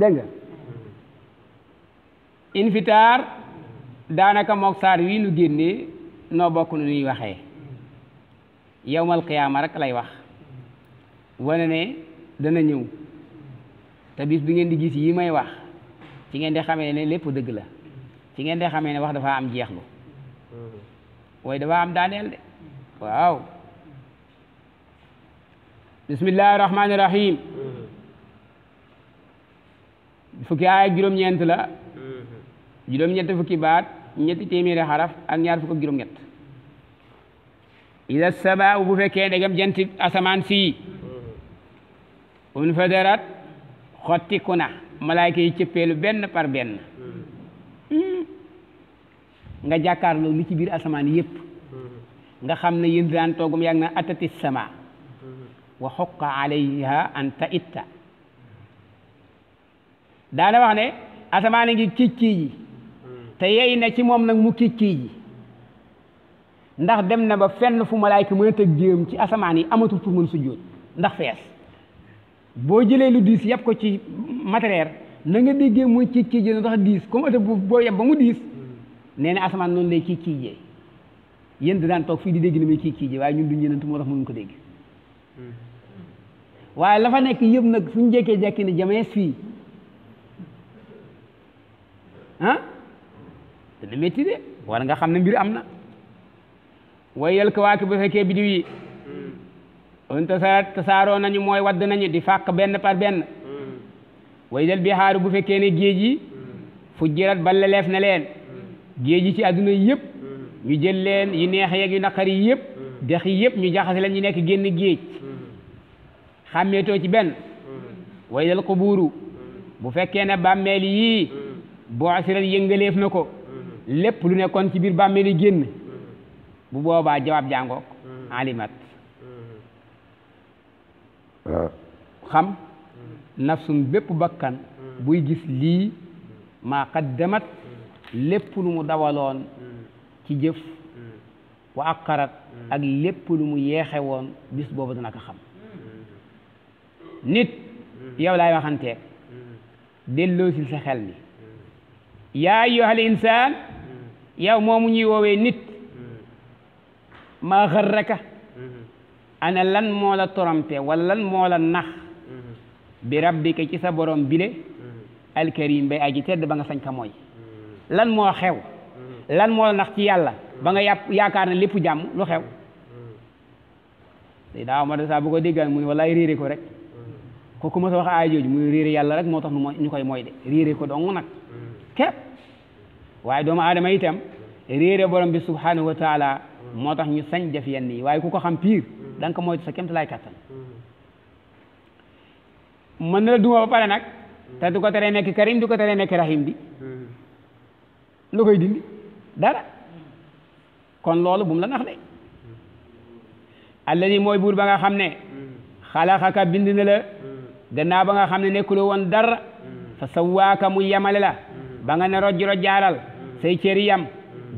dégg nga infitaar daanaka mook saar wii nu génnee noo bokk nu ñuy waxee yowmal qiyaama rek lay wax wane ne dana ñëw te bis bi ngeen di gis yi may wax ci ngeen di xamee ne lépp dëgg la ci ngeen di xamee ne wax dafa am jeexlu waaye dafa am daaneel de waaw bismillahi fukki aaya juróom-ñeent la mm-hmm. juróom-ñett fukki baat ñetti téeméeri xaraf ak ñaar fukk juróom-ñett ida samaa bu fekkee ndegam janti asamaan sii mm-hmm. un fadarat xottiku na malaayka yi cëppeelu benn par benn mm-hmm. hmm. nga jàkkaarloo li ci biir asamaan yépp nga xam ne yéen daan toogum yàgg na atati sama wa xoqa alayha an ta itta daana wax ne asamaan a ngi kiic kii ji hmm. te yey na ci moom nag mu kiic kii ji ndax dem na ba fenn fu malaayka mën a tëg jéem ci asamaan yi amatul pour mën sujjóot ndax fees boo jëlee lu diis yàpp ko ci matériel na nga déggee muy kiic kii ji ndax diis comme oto boo yeb ba mu diis hmm. nee na asamaan noonu lay kiic kii jee yéen daan toog fii di dégg ni muy kiic kii ji waaye ñun duñ yénantu moo tax mënuñ ko dégg hmm. waaye la fa nekk yëpp nag suñ jekkee-jekki ni jamees fii ah dana métti war nga xam ne mbir am na way yel ko waaki bu fekkee bidiw yi hmm. un tasaaroo nañu mooy wadd nañu di fàq benn par benn hmm. way del bi xaaru bu fekkee ne géej yi hmm. fujjirat balleleef na leen géej yi ci àdduna yëpp ñu jël leen yu neex yeeg yu naqari yëpp dex yi yëpp ñu jaxase leen ñu nekk génn géej xàmmeetoo ci benn way del qubuuru bu fekkee ne bàmmeel yii boo asiran yëngaleef na ko lépp lu nekkoon ci biir bàmmeeli génn bu boobaa jawaab jàngook alimat xam nafsun bépp bakkan buy gis lii maa qaddamat lépp lu mu dawaloon ci jëf wa aqarat ak lépp lu mu yeexe woon bis boobu dana xam nit yow laay waxanteeg delloosil sa xel ni yaa ayyuhal insaan hmm. yow moomu ñuy woowee nit hmm. maa xarraka hmm. ana lan moo la toromte wala lan moo la nax bi rabbika ci sa borom bile alkarim bay aji tedd ba nga sañ ka mooy lan moo xew lan moo la nax ci yàlla ba nga yàpp yaakaar na lépp jàmm lu xew daa daaw ma da saa bu ko déggaan mu ne wallaay réere ko rek kooku ma sa wax aay jooju muy réere yàlla rek moo tax nu ñu koy mooy de réere ko dong nag képp waaye doomu aadama itam réere borom bi subhanahu wa moo tax ñu sañ def yenn yi waaye ku ko xam piir da nga ko sa kémta lay kattan mën na la duma ba pare nag te du ko teree nekk karim du ko teree nekk rahim bi lu dindi dara kon loolu bu mu la nax de alladi mooy buur ba nga xam ne xalaxaka bind na la gannaaw ba nga xam ne nekkuloo woon dara fa sawaaka mu yemale la ba nga ne rojj rojjaalal say cëri yam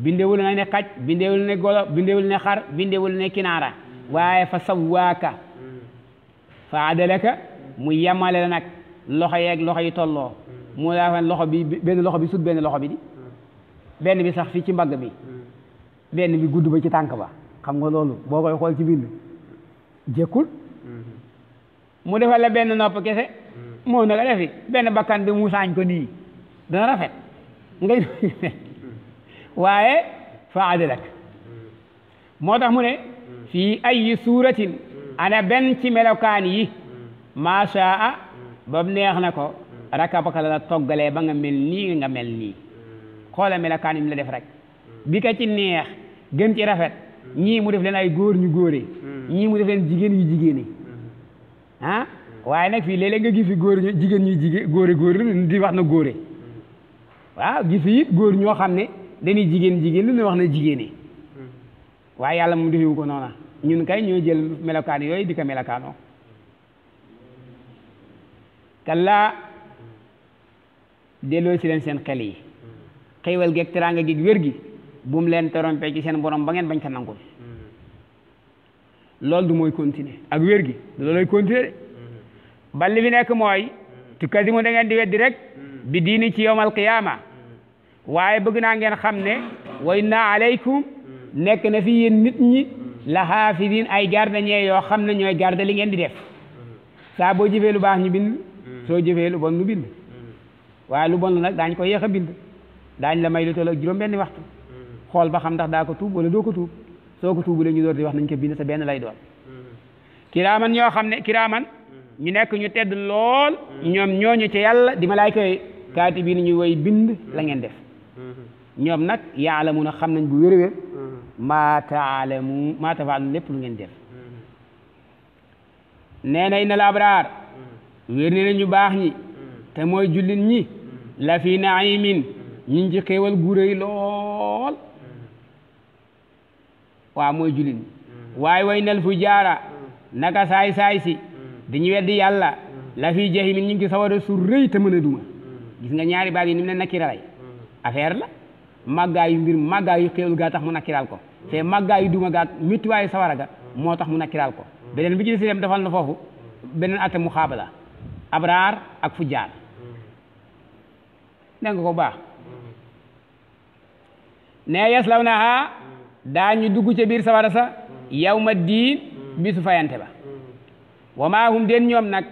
bindewul nga ne xaj bindewul ne golo bindewul ne xar bindewul ne kinaara waaye fa sawwaaka fa adalaka mu la nag loxo yeeg loxo yi tolloo mu laa fan loxo bi benn loxo bi sut benn loxo bi di benn bi sax fii ci mbagg bi benn bi gudd ba ci tànk ba xam nga loolu boo koy xool ci bind jekkul mu defal la benn nopp kese mm. moo na nga defi benn bakkan bi mu saañ ko nii dana rafet ngay doon waaye faadalak moo tax mu ne fii ay suuratin ana benn ci melokaan yi maashaa boobu neex na ko rakabaka la toggalee ba nga mel nii nga mel nii xoola melokaan yi mu la def rek bi ka ci neex gën ci rafet ñii mu def leen ay góor ñu góore ñii mu def leen jigéen yu jigéene ah waaye nag fii léeg-léeg nga gis fi góor jigéen ñuy jigéen góore góore di wax na góore waaw gis it góor ñoo xam ne dañuy jigéen jigéen lu ne wax na jigéene waaye yàlla di defewu ko noona ñun kay ñoo jël melokaan yooyu di ko melokaanoo kalla delloo si leen seen xel yi xéewal geeg teraanga geeg wér gi bumu leen torompee ci seen borom ba ngeen bañ ko nangul loolu du mooy continuer ak de mm-hmm. ba li nekk mooy mm-hmm. tu kasi mu da di weddi rek mm-hmm. bi diini ci yowmal qiyaama waaye bëgg naa ngeen xam ne wa inna aleykum nekk na fi yéen nit ñi la xaafidin ay garde ñee yoo xam ne ñooy garde li ngeen di def saa boo jëfee lu baax ñu bind soo jëfee lu bon ñu bind waaye lu bon la nag daañ ko yéex a bind daañ la may lu toll ak juróom benni waxtu xool ba xam ndax daa ko tuub wala doo ko tuub soo ko tuubulee ñu door di wax nañ ko bind sa benn lay doon kiraaman ñoo xam ne kiraaman ñu nekk ñu tedd lool ñoom kaati bi ni ñu woy bind la ngeen def ñoom nag yaalamu na xam nañ bu wér-wér maa taalamu maa tafaalu lépp lu ngeen def nee na inna labraar wér ñu baax ñi te mooy jullit ñi la fi naimin ñu ngi ci xéewal lool waaw mooy jullit ñi waaye way nel fu jaara saay saay si dañu weddi yàlla la fi jahimin ñu ngi sawara su rëy te mën a duma gis nga ñaari baat yi ni mu ne nakiralay affaire la màggaayu mbir màggaayu xéewal gaa tax mu nakkiral ko te màggaayu duma gaa méttiwaayu sawara ga moo tax mu nakkiral ko beneen bi ci des na foofu beneen mu xaabala abraar ak fujjaar dégg nga ko baax ne yeslaw naha daañu dugg ca biir sawara sax yawma diin bisu fayante ba wa maa hum den ñoom nag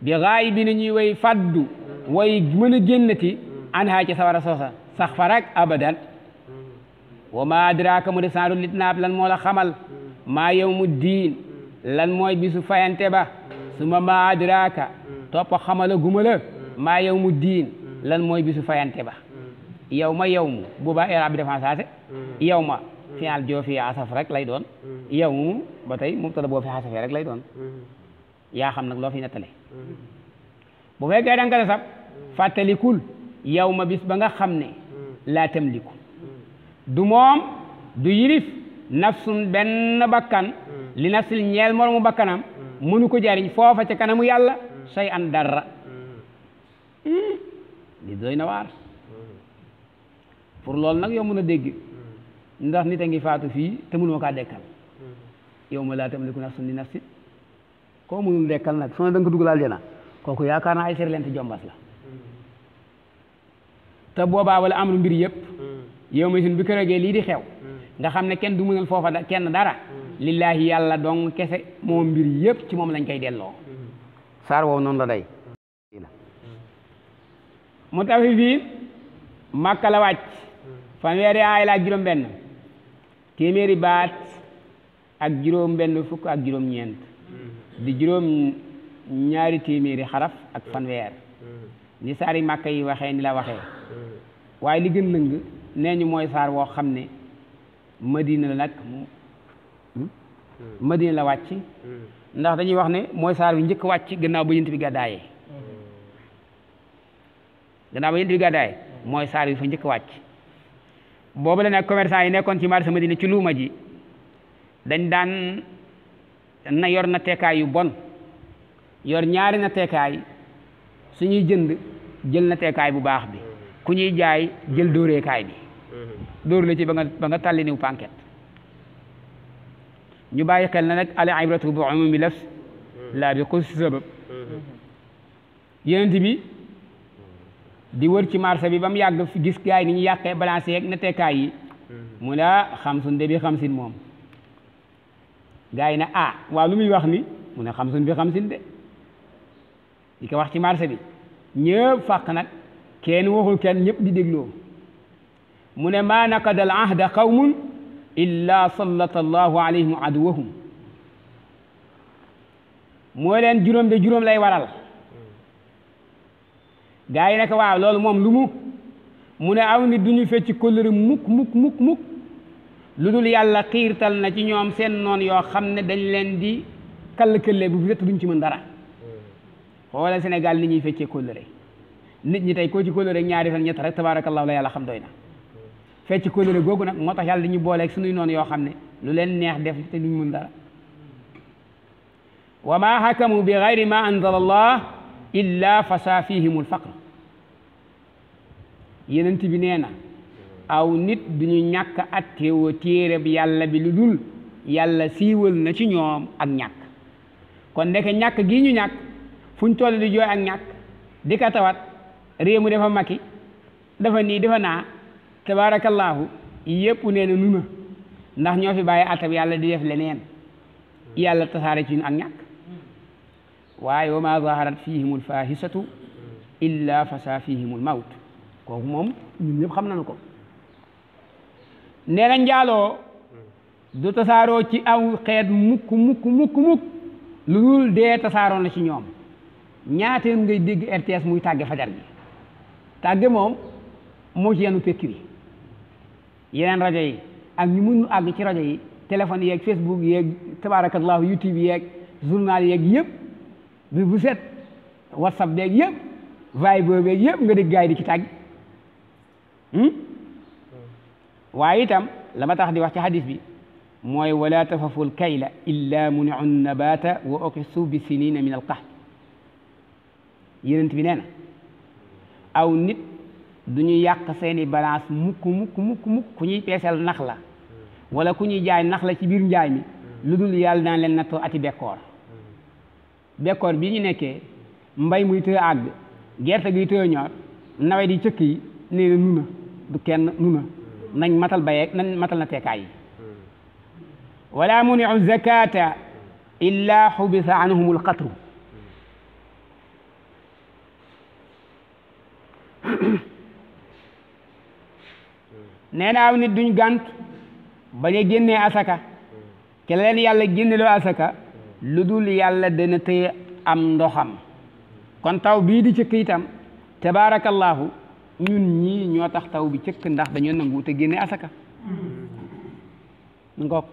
bi gaay bi na ñuy way faddu way mën a génnati an haa ci sawara soosa sax abadan wa ma adraka mu def san ru lit lan moola la ma maa yawmu diin lan mooy bisu fayante ba su ma ma adraka topp xamala guma la yawmu diin lan mooy bisu fayante ba yow ma yow mu boobaa irab bi dafa saate yow ma final joo fi asaf rek lay doon yow mu ba tey boo fi asafee lay doon yaa xam nag loo fi nettale bu fekkee da nga sax fàttalikul yow ma bis ba nga xam ne hmm. laa tamliku du moom du yilif nafsun benn bakkan hmm. li nafsil ñeel moromu bakkanam hmm. mënu ko jariñ foofa ci kanamu yàlla say an dara li doy na waar pour loolu nag yow mën a dégg ndax nit a ngi faatu fii te mënoo kaa dekkal yow ma laa tamliku nafsun li nafsin koo mënul dekkal nag soo da nga dugg dugal aljana kooku yaakaar na ay seri lent jombas la te boobaa wala amul mbir yépp yow ma sin bi lii di xew nga xam ne kenn du mënal foofa kenn dara lillaahi yàlla dong kese moom mbir yëpp ci moom lañ koy delloo saar woow noonu la day mu tafi fii màkka la wàcc fanweeri aay la ak juróom benn téeméeri baat ak juróom benn fukk ak juróom ñeent di juróom ñaari téeméeri xaraf ak fanweer mm-hmm. ni saari màkka yi waxee ni la waxee mm-hmm. waaye li gën lëng nee ñu mooy saar woo xam ne madina la nag hmm? mm-hmm. madina la wàcc ndax dañuy wax ne mooy saar wi njëkk wàcc gannaaw ba yent bi gàddaayee gannaaw ba yent bi gàddaayee mooy saar wi fa njëkk wàcc boobu la nag commerçant yi nekkoon ci marché madina ci luuma ji dañ daan na yor na teekaay yu bon yor ñaari natteekaay su ñuy jënd jël natteekaay bu baax bi ku ñuy jaay jël dóoreekaay bi dóor la ci ba nga ba nga tàlli niw pànket ñu bàyyi xel na nag al ibratu bi umumi lafs laa bi xus sabab yenent bi di wër ci marché bi ba mu yàgg gis gaay ni ñu yàqee balancé yeeg natteekaay yi mu ne ah xamsun de bi xamsin moom gaay na ah waaw lu muy wax ni mu ne xamsun bi xamsin de di ko wax ci marché bi ñëpp fàq nag kenn waxul kenn ñëpp di dégloo mu ne maa naqada al ahda qawmun illa sallata allahu alayhim aduwahum moo leen juróom de juróom lay waral gaa yi nag waaw loolu moom lu mu mu ne aw nit duñu fecc kóllëre mukk mukk mukk muk lu dul yàlla kiirtal na ci ñoom seen noon yoo xam ne dañ leen di kall këllee bu fi duñ ci mën dara xoolal Sénégal nit ñuy feccee kóllëre nit ñi tey koo ci kóllëre ñaari fan ñett rek tabaarakallaahu la yàlla xam doy na fecc kóllëre googu nag moo tax yàlla dañuy booleeg suñuy noonu yoo xam ne lu leen neex def te duñ mun dara wa ma hakamu bi gayri ma anzala allah illa fasa fihimul faqr yenent bi nee na aw nit duñu ñàkk attewoo téere bi yàlla bi lu dul yàlla siiwal na ci ñoom ak ñàkk kon ndeke ñàkk gii ñu ñàkk fu ñu toll di jooy ak ñàkk di ko tawat réew mu dafa makki dafa nii dafa naa tabaarakallaahu yëpp nee na nu ndax ñoo fi bàyyi atab yàlla di def leneen yàlla tasaare ci ñun ak ñàkk waaye wa maa zaharat fihimul fahisatu illa fasa fihimul mawt kooku moom ñun ñëpp xam nañu ko nee na njaaloo du tasaaroo ci aw xeet mukk mukk mukk mukk lu dul dee tasaaroo na ci ñoom ñaata yoon ngay dégg RTS muy tàgge fajar gi tàgge moom moo ci yenu pekk bi yeneen rajo yi ak ñu àgg ci rajo yi téléphone yeeg Facebook yeeg tabaarakallaahu YouTube yeeg journal yeeg yëpp bi bu set WhatsApp beeg yëpp Viber beeg yëpp nga dégg gaay di ci tàgg hmm? waaye itam la ma tax di wax ci hadis bi mooy wala tafafu l kayla illa muniu nabata wa okisu bi sinina min al qahd yonent bi nee na aw nit du ñu yàq seeni balaas mukk mukk mukk ku ñuy peesal nax la wala ku ñuy jaay nax la ci biir njaay mi lu dul yàlla naa leen nattoo ati bekkoor bekkoor bi ñu nekkee mbay muy tëë àgg gerte gi tëë ñor nawet yi cëkk yi nee na nuna du kenn nuna nañ matal ba nañ matal na teekaay yi wala muniu zakata illa xubisa anhum alqatru nee na aw nit duñ gànt bañ a génnee asaka ke leen yàlla génneloo asaka lu dul yàlla dana tëye am ndoxam kon taw bii di cëkk itam tabaarakallaahu ñun ñii ñoo tax taw bi cëkk ndax dañoo nangu te génne asaka ngoog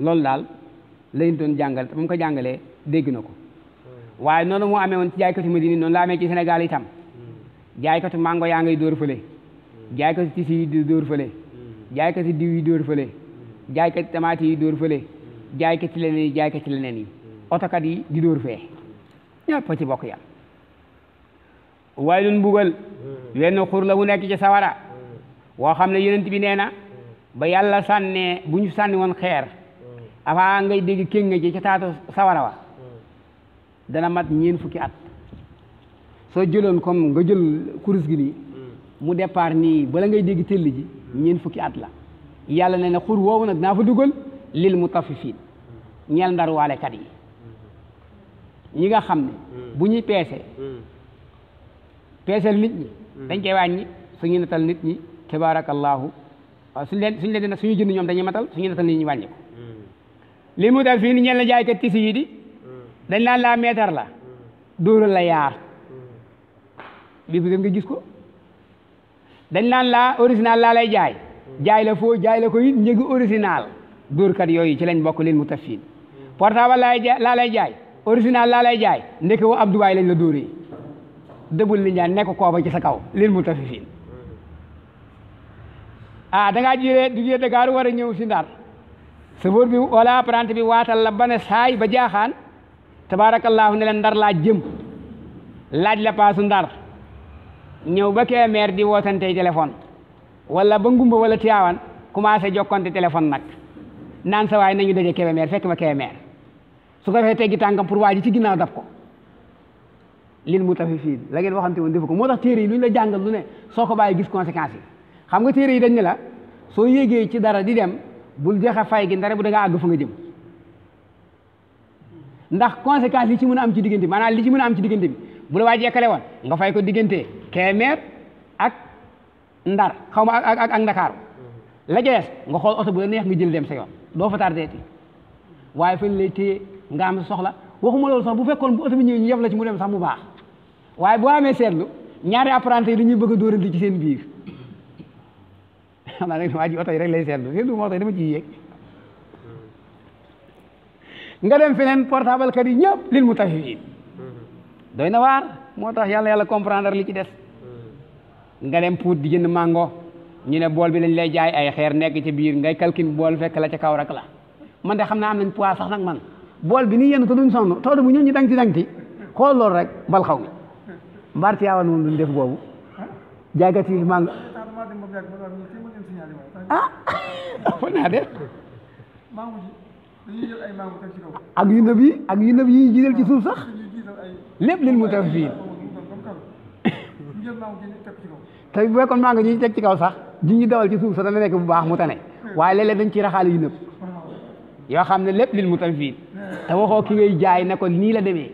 loolu daal lañ doon jàngal mu ko jàngalee dégg na ko waaye noonu moo amee woon ci jaaykatu Madina noonu la amee ci Sénégal itam jaaykatu mango yaa ngay dóor fële Mm. jaaykati tisi yi di dóor fële mm. jaaykati diw yi dóor fële mm. jaaykati tamaate yi dóor fële jaaykati leneen yi jaaykati leneen yi otokat yi di dóor fee ñëpp ci bokk yam waaye lun mbugal wenn xur la bu nekk ci sawara woo xam ne yonent bi nee na ba yàlla sànnee bu ñu sànni woon xeer avant ngay dégg kéng nga ci ca taatu sawara wa dana mat ñeen fukki at soo jëloon comme nga jël kurus gi nii mu départ nii bala ngay dégg tëll ji ñeent fukki at la yàlla ne na xur woowu nag naa fa dugal lil mu tafifiin ñeel kat yi ñi nga xam ne hmm. bu ñuy peese hmm. peesel nit ñi hmm. dañ koy wàññi suñu natal nit ñi tabaarakallaahu suñ leen suñ leen jënd ñoom dañuy matal suñu natal nit ñi wàññi ko li mu dal fii ni ñeel na tisi yi di dañ naan laa meetar la dóoral la yaar bis bu dem nga gis ko dañ naan laa original laa lay jaay jaay la foo jaay la ko it njëgi original dóorkat yooyu ci lañ bokk leen mu tafsiin portable laa lay jaay original laa lay jaay ndeke woo ab dubaay lañ la dóoree dëbul li ñaan nekk kooba ci sa kaw leen mu tafsiin ah da ngaa jiyee jugee war a ñëw si Ndar sofër bi wala apprenti bi waatal la ba ne saay ba jaaxaan tabaarakallaahu ne leen Ndar laa jëm laaj la paasu Ndar ñëw ba Kébémer di wootantey téléphone wala ba ngumba wala Tiwaawan commencé jokkonte téléphone nag naan sa waay nañu daje Kébémer fekk ma Kébémer su ko defee teggi tànkam pour waa ji ci ginnaaw dab ko lil mu tafi fii la ngeen te woon def ko moo tax téere yi lu ñu la jàngal lu ne soo ko bàyyi gis conséquences yi xam nga téere yi dañ ne la soo yéegee ci dara di dem bu bul a fay gi ndare bu da ngaa àgg fa nga jëm ndax conséquences yi ci mën a am ci diggante maanaam li ci mën a am ci diggante bi bu la jekkale woon nga fay ko diggante téeméer ak ndar xaw ma ak ak ak ndakaaru mm-hmm. la jeex nga xool oto bu la neex nga jël dem sa yoon doo fa tardé ti waaye fañ lay téye nga am soxla waxuma loolu sax bu fekkoon bu oto bi ñëwee ñu ci mu dem sax mu baax waaye boo amee seetlu ñaari apprenti yi dañuy bëgg a dóorante ci seen xam naa nag waa ji oto rek lay seetlu seetlu moo ciy yéeg mm-hmm. nga dem feneen portable kat yi ñëpp lil mu tafi mm-hmm. doy na waar moo tax yàlla yàlla comprendre li ci des nga dem puut di jënd mango ñu ne bool bi lañ lay jaay ay xeer nekk ci biir ngay calcul bool fekk la ci kaw rek la man de xam naa am nañ poids sax nag man bool bi nii yenn te duñ sonn tool bu ñëw ñu dang ci dang ci xool loolu rek bal xaw mi mbaar ci yaawan def boobu jaagati mango ah fa naa ak yu nëb yi ak yu nëb yi jiital ci suuf sax lépp lin mu taw fii te bu fekkoon mango ji ñu teg ci kaw sax ji ñu dawal ci suuf sax dana nekk bu baax mu tane hmm. waaye léeg-léeg dañ ci raxaale yu nëpp yoo xam ne lépp lil mu tam fii te waxoo ki ngay jaay ne nii la demee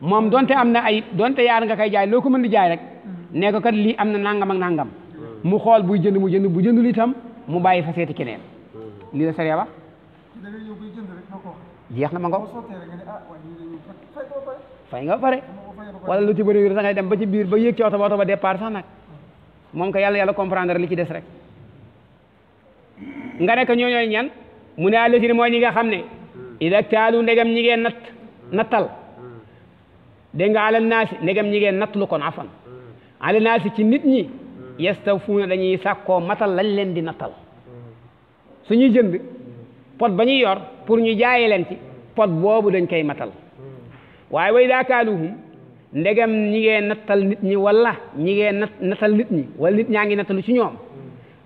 moom donte am na ay donte yaar nga koy jaay loo ko mën di jaay rek hmm. ne ko lii am na nangam ak nangam mu xool buy jënd mu jënd bu jëndul itam mu bàyyi fa seeti keneen hmm. lii la sariya wax jeex na ma nga ah, fay nga pare wala lu ci bëri da ngay dem ba ci biir ba yéeg ci oto ba oto ba départ nag moom ko yàlla yàlla comprendre li ci des rek nga nekk ñoo ñooy ñan mu ne àllësini mooy ñi nga xam ne ida taalu ndegam ñi ngeen natt nattal dégg nga alal naasi ndegam ñi ngeen natt lu kon afan alal naasi ci nit ñi yastawfuuna dañuy sàkkoo matal lañ leen di nattal suñuy jënd pot ba ñuy yor pour ñu jaaye leen ci pot boobu dañ koy matal waaye way daa kaaluhum ndegam ñi ngee nattal nit ñi walla ñi ngee nat nattal nit ñi wala nit ñaa ngi nattalu ci ñoom mm.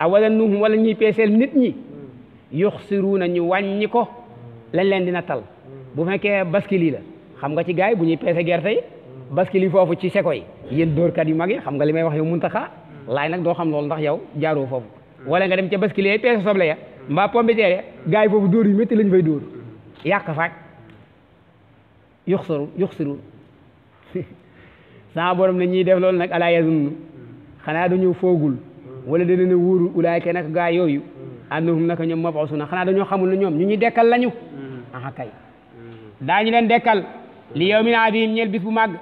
awala nuhum wala ñuy peeseel nit ñi mm. yuxsiruuna ñu wàññi ko mm. lañ leen di nattal bu fekkee baskili la xam nga ci gaay bu ñuy peese gerte yi baskili foofu ci seko yi yéen dóorkat yu mag yi xam nga li may wax yow taxa laay nag doo xam loolu ndax yow jaaroo foofu wala nga dem ca baskili yi peese soble ya mbaa pombiteer ya gaay foofu dóor yu métti lañ fay dóor yàq faak sama borom ne ñiy def loolu nag alaa yazunnu xanaa dañu foogul wala de dana wóorul ulaayka nag gaa yooyu annahum naka ñoom na xanaa dañoo xamul ne ñoom ñu ñuy dekkal lañu aha kay daañu leen dekkal li yawmin adiim ñeel bis bu màgg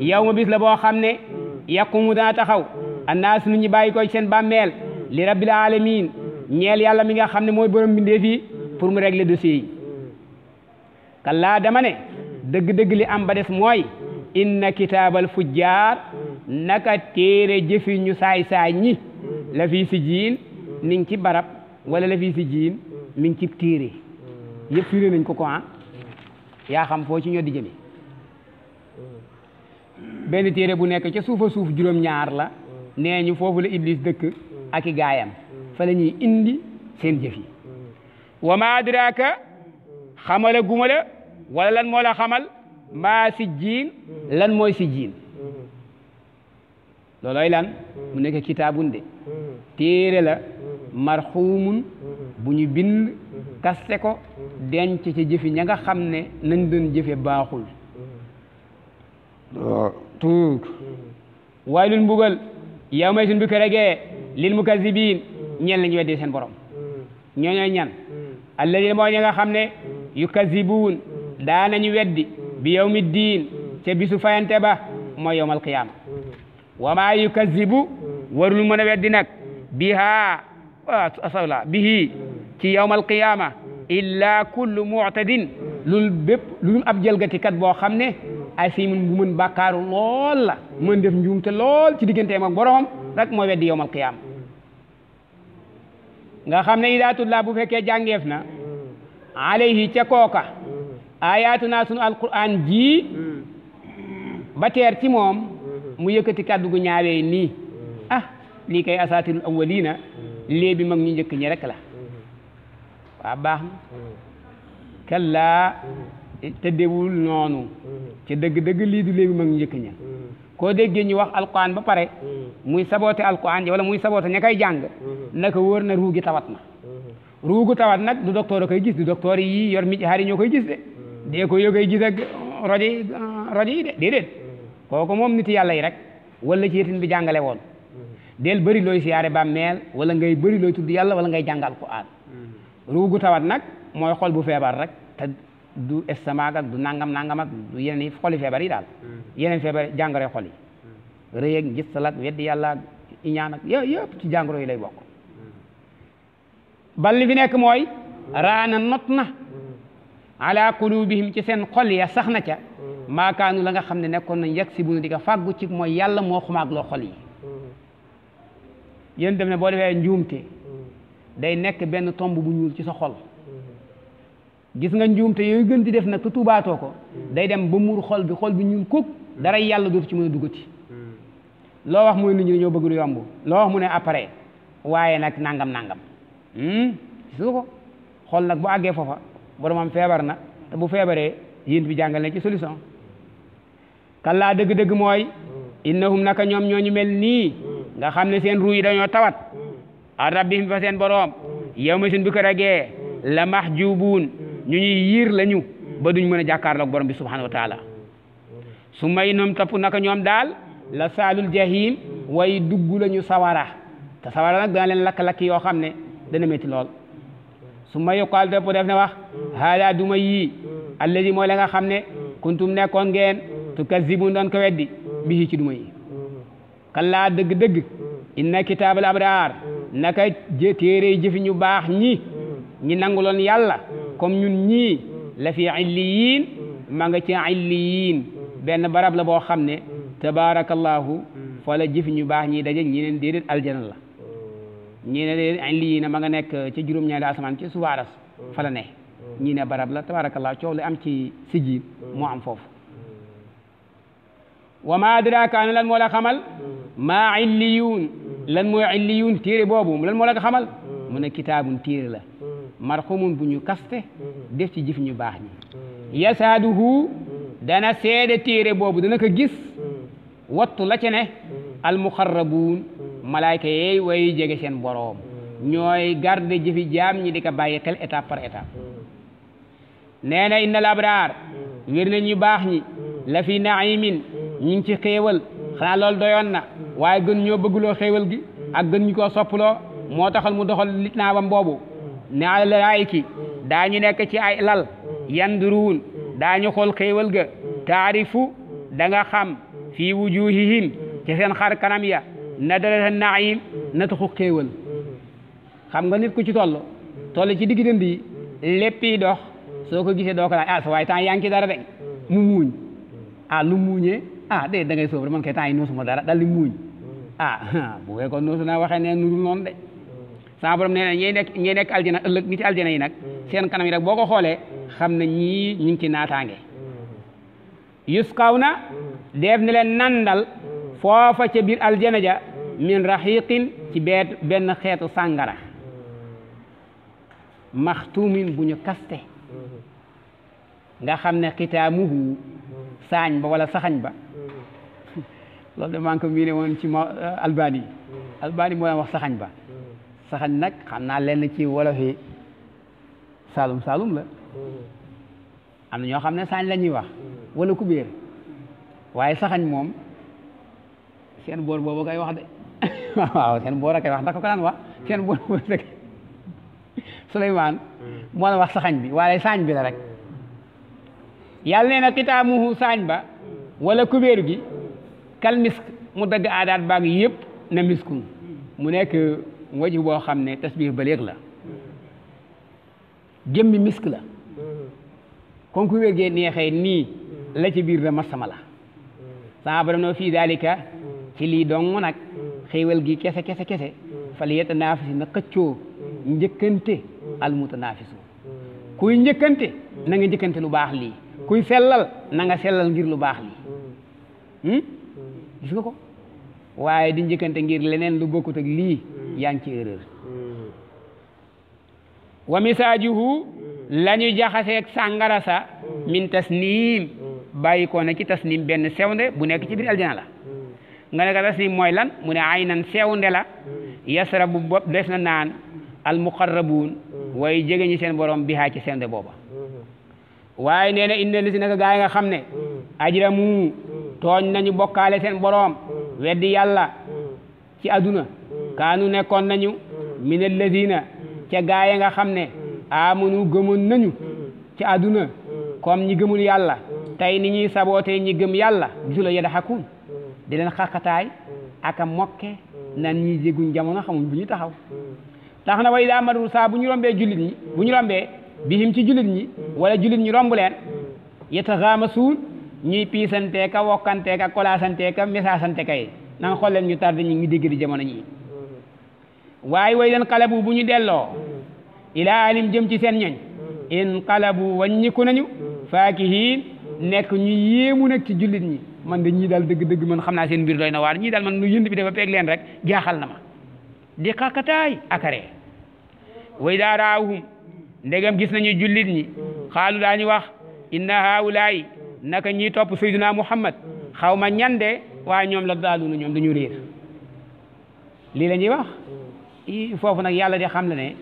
yow ma bis la boo xam ne yaqumu dana taxaw annaas nu ñu bàyyi ko seen bàmmeel li rabbil alamin ñeel yàlla mi nga xam ne mooy borom mi fii pour mu régler dossier yi kallaa dama ne dëgg-dëgg li am ba inna kitaabal fujjaar naka téere jëfi ñu saay-saay ñi la fii si jiin mi ngi ci barab wala la fii si jiin mi ci téere yëpp firé nañ ko ko ah yaa xam foo ci ñoo di jëme benn téere bu nekk ca suufa suuf juróom-ñaar la nee ñu foofu la iblis dëkk ak i gaayam fa la ñuy indi seen jëf wa ma adraka xamala guma la lan moo la xamal mbaa si lan mooy si jiin loolooy lan mu nekk kitaabun de téere la marxuumun bu ñu bind kaste ko denc ci jëfi ña xam ne nañ doon jëfe baaxul oh, tuug waylun mbugal yow may suñ bu ko regee lil mukazibiin ñen la weddi seen borom ñooñooy ñan alladina moo ña nga xam ne yukazibuun daanañu weddi bi yawmi diin ca bisu fayante ba mooy yawmal qiyaama wa maa yukazibu warul mën a weddi nag bihaa asawla bihi ci yawmal qiyaama illa kullu mu'tadin lul bépp lul ab jalgatikat boo xam ne asimun bu mën bàkkaaru lool la mën def njuumte lool ci digganteem ak boromam rek mooy weddi yawmal qiyaama nga xam ne idaa tutlaa bu fekkee jàngeef na alayhi ca kooka yaatu ayaatuna sunu alquran ji mm. ba teer ci moom mm-hmm. mu yëkkati kàddu gu ñaawee nii mm. ah lii kay asaatirul awwalina mm. léebi mag ñu njëkk ñi rek la mm-hmm. waa baax na kallaa mm-hmm. tëddewul noonu ci dëgg-dëgg lii du léebi mag ñu njëkk ña koo déggee ñu wax alquran ba pare muy saboote alquran ji wala muy saboote ña koy jàng naka woor na ruugi tawat na ruugu tawat nag du docteur a koy gis du docteur yi yor mi ci koy gis de dee ko yógey gis ak rajo yi rajo yi de déedéet mm. kooku moom nit yàlla yi rek wala ci yetin bi jàngale woon mm. del bari looy si siyaare bàmmeel wala ngay bëri looy tudd yàlla wala ngay jàngal Alxuraan mm. ruugu tawat nag mooy xol bu feebar rek te du estomac ak du nangam nangam ak du yeneen yi xoli feebar yi daal yenen feebar jàngoro xol yi rëy ak ngistal ak weddi yàlla ak iñaan ak yooyu yëpp ci jàngoro yi lay bokk bal fi nekk mooy raana not na ala qulubihim ci seen xol ya sax na ca mm. maakaanu la nga xam ne nekkoon nañ yegg si bu nu di ko fàggu ci mooy yàlla moo xumaag loo xol yi mm. yéen dem ne boo defee njuumte mm. day nekk benn tomb bu ñuul ci sa xol gis nga njuumte yooyu gën di def nag te tuubaatoo ko day dem ba muur xol bi xol bi ñuul kuk dara yàlla dootu ci mën a duggati loo wax mooy nit ñi dañoo bëgg lu yomb loo wax mu ne après waaye nag nangam nangam hmm? gis ko xol nag bu àggee foofa boromam feebar na te bu feebaree yéen bi jàngal na ci solution kallaa dëgg-dëgg mooy mm. innahum naka ñoom ñu mel nii mm. nga xam ne seen ruu yi dañoo tawat mm. a rabbihim fa seen boroom yawma sun bi ko ragee la mahjubuun ñu ñuy yiir lañu ba duñ mën a jàkkaarloog borom bi subhanahu wa taala su may noom topp naka ñoom daal la saalul jahim way dugg lañu sawara te sawara nag dana leen lakk-lakk yoo xam ne dana métti lool su ma yuqaal topp def ne wax mm. haada duma yii mm. alladi moo la nga xam ne mm. kuntum nekkoon ngeen tukazzibun doon ko weddi bihi ci duma yi kallaa dëgg-dëgg inna kitaabal abraar naka jë téere jëfi baax ñi ñi nanguloon yàlla comme ñun ñii la fi illiyin ma nga ci illiyin benn barab la boo xam ne tabarakallahu fa la jëfi ñu baax ñi daje ñi neen déedéet aljana la ñii ne ma nga nekk ca juróom-ñaari asamaan ci suba aras fa la ne mm. ñii ne barab la tabaarakallaa coow li am ci sijji mm. moo am foofu wa ma adraaka ana lan moo la xamal mm. maa illiyuun lan mooy illiyuun téere boobu lan moo la ko xamal mu ne kitaabun téere la marxumun bu ñu kaste def ci jëf ñu baax ñi yasaaduhu dana seede téere boobu dana ko gis wattu la ca ne malaayka yeey way jege seen boroom ñooy garde jëfi jaam ñi di ko bàyyi xel étape par étape nee na labraar wér na ñu baax ñi la fi naimin ñu ngi ci xéewal xanaa loolu doyoon na waaye gën ñoo bëgguloo xéewal gi ak gën ñu koo soppuloo moo taxal mu doxal lit naa bam boobu ne alalaayki daañu nekk ci ay lal yanduruun daañu xool xéewal ga taarifu da nga xam fii wujuhihim ci seen xar kanam ya na darata naim mm-hmm. na taxu xéewal mm-hmm. xam nga nit ku ci toll mm-hmm. toll ci digg dënd yi léppi dox soo ko gisee doo ko laaj ah sa waaye temps yaa ngi ci dara rek mu muuñ ah lu muñee a ah, dé da ngay sóob rek man kay temps yi noosuma dara dal di muuñ ah bu fekkoon noosu naa waxee ne nurul noonu sama borom nee na ñey nekk ñey nekk aljana ëllëg nit yi nag seen kanam yi nag boo ko xoolee na ne ñii ñu ngi ci naataange yusqawna def nandal foofa ca biir aljana ja min raxiqin ci benn xeetu sàngara maxtumin bu ñu kaste nga xam ne xitaamuhu saañ ba wala saxañ ba loolu de maa ko miine woon ci ma euh, albani albani mooy wax saxañ ba saxañ nag xam naa lenn ci wolof yi saalum saalum la am na ñoo xam ne saañ lañuy ñuy wax wala kubéer waaye saxañ moom seen boor boobu kay wax de a koy wax ndax ko daan wax seen boor Suleymaan mm. moo la wax saxañ bi waaye saañ bi la rek mm. yàlla nee na xitaamuhu saañ ba wala kubéer gi kal misk mu dagg aadaat baag yëpp na miskun mu nekk waju boo xam ne tasbih baleeg la jëmmi misk la mm. kon kubéer gee neexee nii la ci biir da masama la sama borom no fii dalika ci lii dong nag mm. xéewal gi kese kese kese mm. fal yetanaafasi na xëccoo mm. njëkkante almutanaafisu kuy njëkkante na njëkkante lu baax lii kuy sellal nanga nga sellal ngir lu baax lii hmm? gis nga ko waaye di njëkkante ngir leneen lu bokkut ak lii yaa ngi ci wa misaajuhu la ñu jaxaseeg sàngara sa min tasniim bàyyi ko na ci tasniim benn sewnde bu nekk ci biir aljana la nga ne ko rasli mooy lan mu ne ay nan aynan seewnde la bu bopp des na naan almuqarrabuun way jege ñi seen borom bihaa ci seewnde booba waaye nee na inna li si naka gaa yi nga xam ne ajramu tooñ nañu bokkaale seen boroom weddi yàlla ci aduna kaanu nekkoon nañu min alladina ca gaa yi nga xam ne amanu gëmoon nañu ci aduna comme ñi gëmul yàlla tey ni ñuy saboote ñi gëm yàlla gisula yadhakuun di leen xaqataay mm. ak a mokke mm. ñi jéguñ jamono xamuñ bu ñu taxaw mm. tax na way daa maru saa bu ñu rombee jullit ñi bu ñu rombee bihim ci jullit ñi wala jullit ñi romb leen yetaxaamasuun ñuy piisantee ka wokkantee ka kolaasantee ka mesaasante kay na nga xool leen ñu tardé ñu ngi dégg di jamono ñii waaye way leen xalabu bu ñu delloo ilaa alim jëm ci seen ñoñ in wa waññiku nañu faakihiin nekk ñu yéemu nekk ci jullit ñi man de ñii daal dëgg-dëgg man xam naa seen mbir doy na waar ñii daal man lu yënd bi dafa peeg leen rek jaaxal na ma di xakataay akaree way daa raawhum ndegam gis nañu jullit ñi xaalu daañu wax inna haawulaay naka ñii topp sayyidina muhammad xaw ma ñande waa ñoom la daaluna ñoom dañu réer lii la ñuy wax i foofu nag yàlla di xam la ne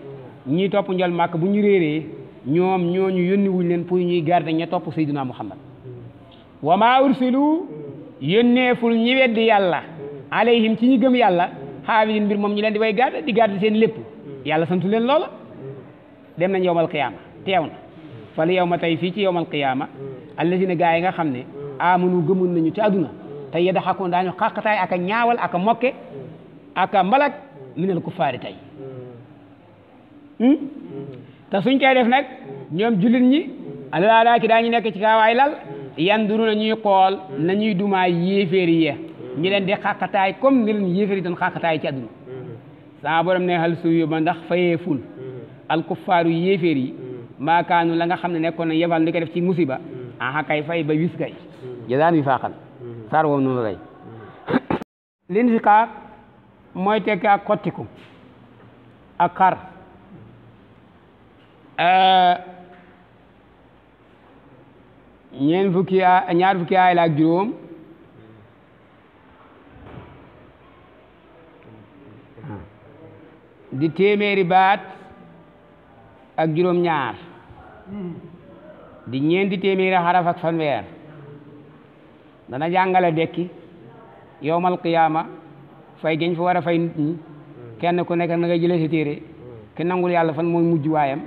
ñii topp njol màkk bu ñu réeree ñoom ñooñu yónni wuñ leen pour ñuy garder ña topp sayyidina muhammad wa maa ursilu yónneeful ñi weddi yàlla alayhim ci ñi gëm yàlla xaafidin mbir moom ñu leen di way gàdd di gàdd seen lépp yàlla santu leen lool dem nañ yowmal qiyaama teew na fal ma tey fii ci yowmal qiyaama allazina gaa yi nga xam ne amanu gëmun nañu ci àdduna te yadxakuun daañu xàqataay ak a ñaawal ak a mokke ak a mbalak minal kuffaari tey te suñ koy def nag ñoom jullit ñi alaa daa ki nekk ci kaawaay lal yan yanduru la ñuy xool hmm. nañuy dumaa yéeféeri ya hmm. ñi leen di xàqataay comme ni leen yéeféeri doon xàqataay ci àdduna hmm. sama borom hal suyu ba ndax fayee ful alkuffaaru yéeféer yi maakaanu la nga xam ne nekkoon na yebal li def ci musiba aha kay fay ba wis kay jazaan wi faaxan saar woom noonu lay lin fi kaak mooy tekki ak xottiku ak xar ñeen fukki a ñaar fukki aay la ak juróom di téeméeri baat ak juróom ñaar di ñeenti téeméeri xaraf ak fanweer dana jàngale dekki yowmal qiyaama fay geñ fa war a fay nit ñi kenn ku nekk na nga jëlee si téere ki nangul yàlla fan mooy mujjuwaayam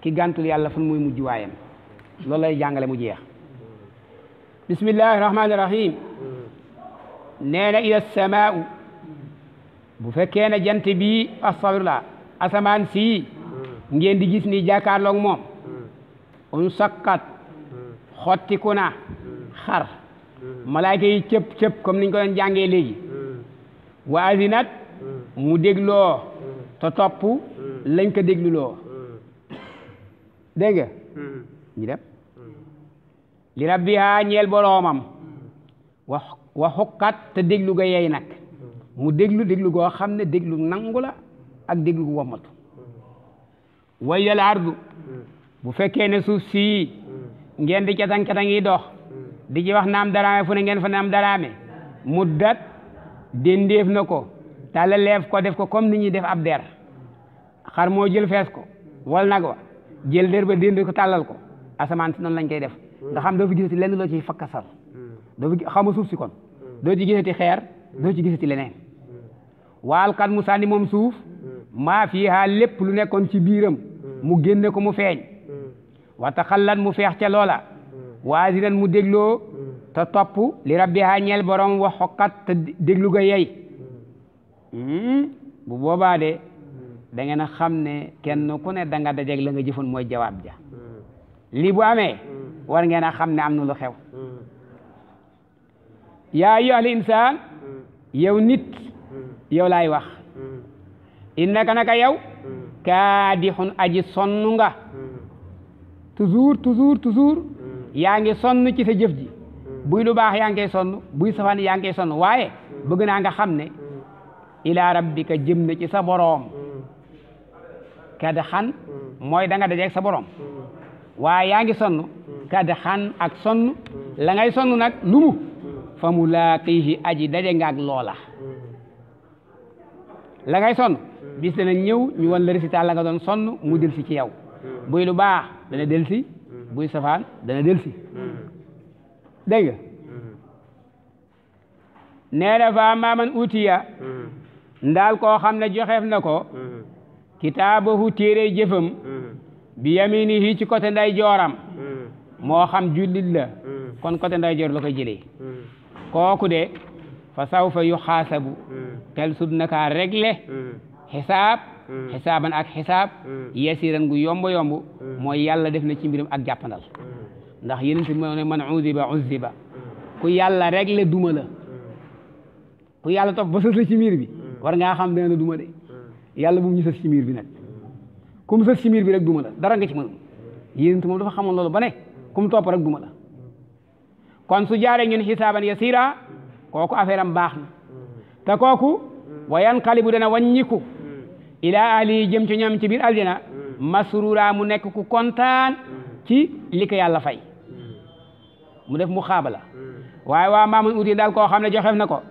ki gàntul yàlla fan mooy mujjuwaayam waayam loolu lay jàngale mu jeex bismillahi rahmaani rahim nee ila samaa'u bu fekkee ne jant bii astafirullah asamaan sii ngeen di gis ni jàkkaarloog moom un sakkat xottiku na xar malaayka yi cëpp cëpp comme niñ ko doon jàngee léegi wa azinat mu dégloo te topp lañ ko dégluloo dégg nga li rabbiha ñeel boroomam wa xukkat te déglu ga yey nag mu déglu déglu goo xam ne déglu nangu la ak déglu gu womatu wayal ardu bu fekkee ne suuf si ngeen di catang-catang yi dox di ci wax naam daraame fu ne ngeen fa naam daraame dat déndéef na ko tàllaleef ko def ko comme ni ñuy def ab der xar moo jël fees ko wal nag wa jël der ba dénd ko tàllal ko asamaan si noonu lañ koy def nga xam doo fi gisati lenn loo ciy fakkasal mm. doo fi xaw ma suuf si kon mm. doo ci ti xeer mm. doo ci gisati leneen waal kan mu sànni moom suuf maa fiihaa lépp lu nekkoon ci biiram mu génne ko mu feeñ wata xallan mu feex ca loola waa waasiran mu dégloo te topp li rabbihaa ñeel borom wax xokkat te déglu ga yey hmm? bu boobaa de da ngeen a xam ne kenn ku ne da nga la nga jëfoon mooy jawaab ja li bu amee war ngeen a xam ne am na lu xew hmm. yaa ayyuhal insaan hmm. yow nit hmm. yow laay wax innaka naka yow kaadixun aji sonn nga toujours toujours toujours yaa ngi sonn ci sa jëf ji buy lu baax yaa ngi koy sonn buy safaan yaa ngi koy sonn waaye bëgg naa nga xam ne ilaa rabbika jëm na ci sa boroom kada xan mooy da nga dajeeg sa boroom waaye yaa ngi sonn kadxan ak sonn la sonn nag lu mu fa mu laaqihi aji daje nga ak loola la sonn bis dana ñëw ñu wan la résultat la nga doon sonn mu del ci yow buy lu baax dana del buy safaan dana del si dégg nga nee na fa maaman utiya ndaal koo xam ne joxeef na ko kitaabahu téere jëfam bi yaminihi ci côté nday jooram moo xam jullit la hmm. kon côté ndeyjoor la koy jëlee hmm. kooku de fa sawfa yu xaasabu hmm. tel sud nakaa réglé xisaab xisaaban ak xisaab yasiran gu yomb yomb mooy yàlla def na ci mbiram ak jàppandal ndax yenent bi moo ne man uziba uziba ku yàlla réglé duma ku yàlla topp ba sës la ci bi war xam dana duma de yàlla bu mu ñu sës ci miir bi nag ku mu sës bi rek duma la dara nga ci mën yenent moom dafa xamoon loolu ba ku topp rek duma la kon su jaaree ñun xisaaban yasiira kooku affaire am baax na te kooku wa yanqalibu dana wàññiku ilaa ahli jëm ci ñoom ci biir aljana masruura mu nekk ku kontaan ci li yàlla fay mu def mu xaabala waaye waa maamun uti daal koo xam ne joxef na ko